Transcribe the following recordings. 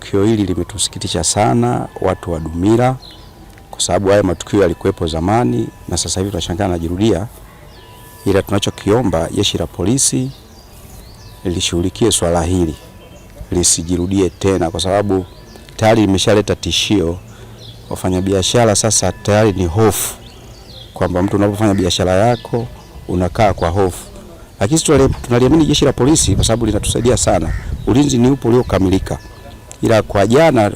Tukio hili limetusikitisha sana watu wa Dumila kwa sababu haya matukio yalikuwepo zamani na sasa hivi tunashangaa najirudia, ila tunachokiomba jeshi la polisi lishughulikie swala hili lisijirudie tena, kwa sababu tayari limeshaleta tishio. Wafanyabiashara sasa tayari ni hofu kwamba mtu unapofanya biashara yako unakaa kwa hofu, lakini tunaliamini jeshi la polisi kwa sababu linatusaidia sana. Ulinzi ni upo uliokamilika ila kwa jana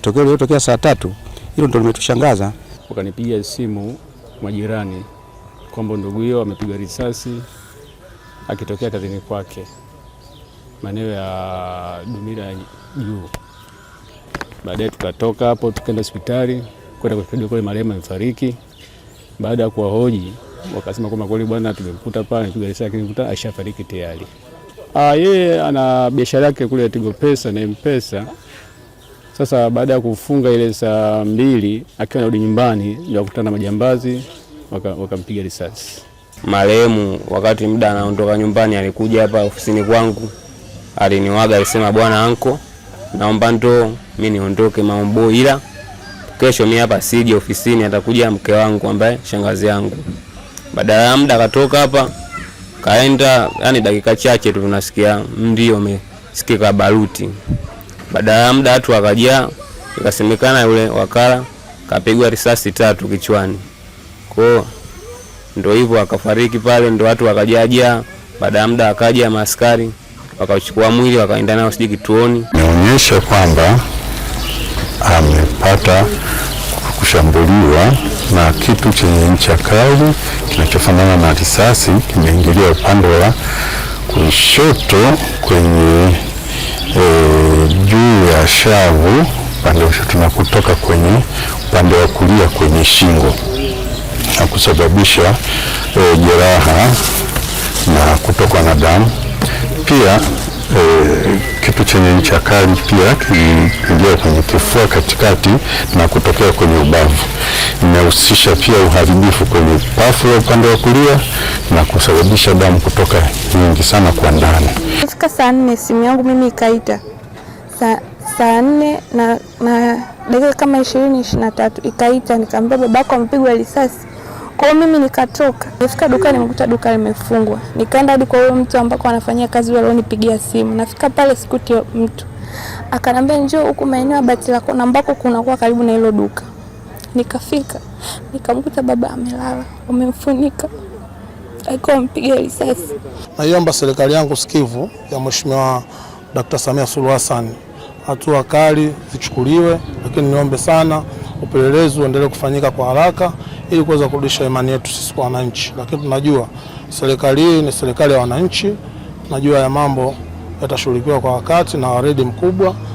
tokeo lilotokea saa tatu hilo ndo limetushangaza. Wakanipiga simu majirani kwamba ndugu hiyo amepigwa risasi akitokea kazini kwake maeneo ya dumira juu. Baadaye tukatoka hapo tukaenda hospitali kwenda kushuhudia kule marehemu amefariki. Baada ya kuwahoji wakasema kwamba kweli bwana, tumemkuta pale amepigwa risasi, ashafariki tayari. Ah, yeye ana biashara yake kule Tigo Pesa na Mpesa. Sasa baada ya kufunga ile saa mbili akiwa anarudi nyumbani ndio akutana na majambazi wakampiga waka risasi. Marehemu wakati muda anaondoka nyumbani alikuja hapa ofisini kwangu, aliniwaga alisema, bwana anko, naomba ndo mi niondoke Maombo, ila kesho mi hapa siji ofisini, atakuja mke wangu ambaye shangazi yangu. Baada ya muda akatoka hapa kaenda, yani dakika chache tu tunasikia ndio umesikika baruti. Baada ya muda watu wakaja, ikasemekana yule wakala kapigwa risasi tatu kichwani. Kwa ndio hivyo akafariki pale, ndio watu wakajajaa. Baada ya muda akaja maaskari wakachukua mwili wakaenda nao sijui kituoni. Nionyeshe kwamba amepata kushambuliwa na kitu chenye ncha kali kinachofanana na risasi, kimeingilia upande wa kushoto kwenye e, juu ya shavu upande wa kushoto na kutoka kwenye upande wa kulia kwenye shingo na kusababisha e, jeraha na kutokwa na damu pia e, kitu chenye ncha kali pia kiliingia kwenye kifua katikati na kutokea kwenye ubavu. Inahusisha pia uharibifu kwenye pafu la upande wa kulia na kusababisha damu kutoka nyingi sana kwa ndani. Kufika saa nne simu yangu mimi ikaita saa nne na dakika kama ishirini ishirini na tatu ikaita, nikaambia babako amepigwa risasi kwa mimi nikatoka, nifika dukani, nimekuta duka limefungwa. Nikaenda hadi kwa huyo mtu ambako anafanyia kazi, yule alionipigia simu. Nafika pale sikuti mtu, akanambia njoo huku maeneo ya bati Batilako ambako kunakuwa karibu na hilo duka. Nikafika nikamkuta baba amelala, wamemfunika akiwa ampiga risasi. Naiomba serikali yangu sikivu ya Mheshimiwa Dkt. Samia Suluhu Hassan, hatua kali zichukuliwe, lakini niombe sana upelelezi uendelee kufanyika kwa haraka ili kuweza kurudisha imani yetu sisi kwa wananchi. Lakini tunajua serikali hii ni serikali ya wananchi, tunajua ya mambo yatashughulikiwa kwa wakati na waredi mkubwa.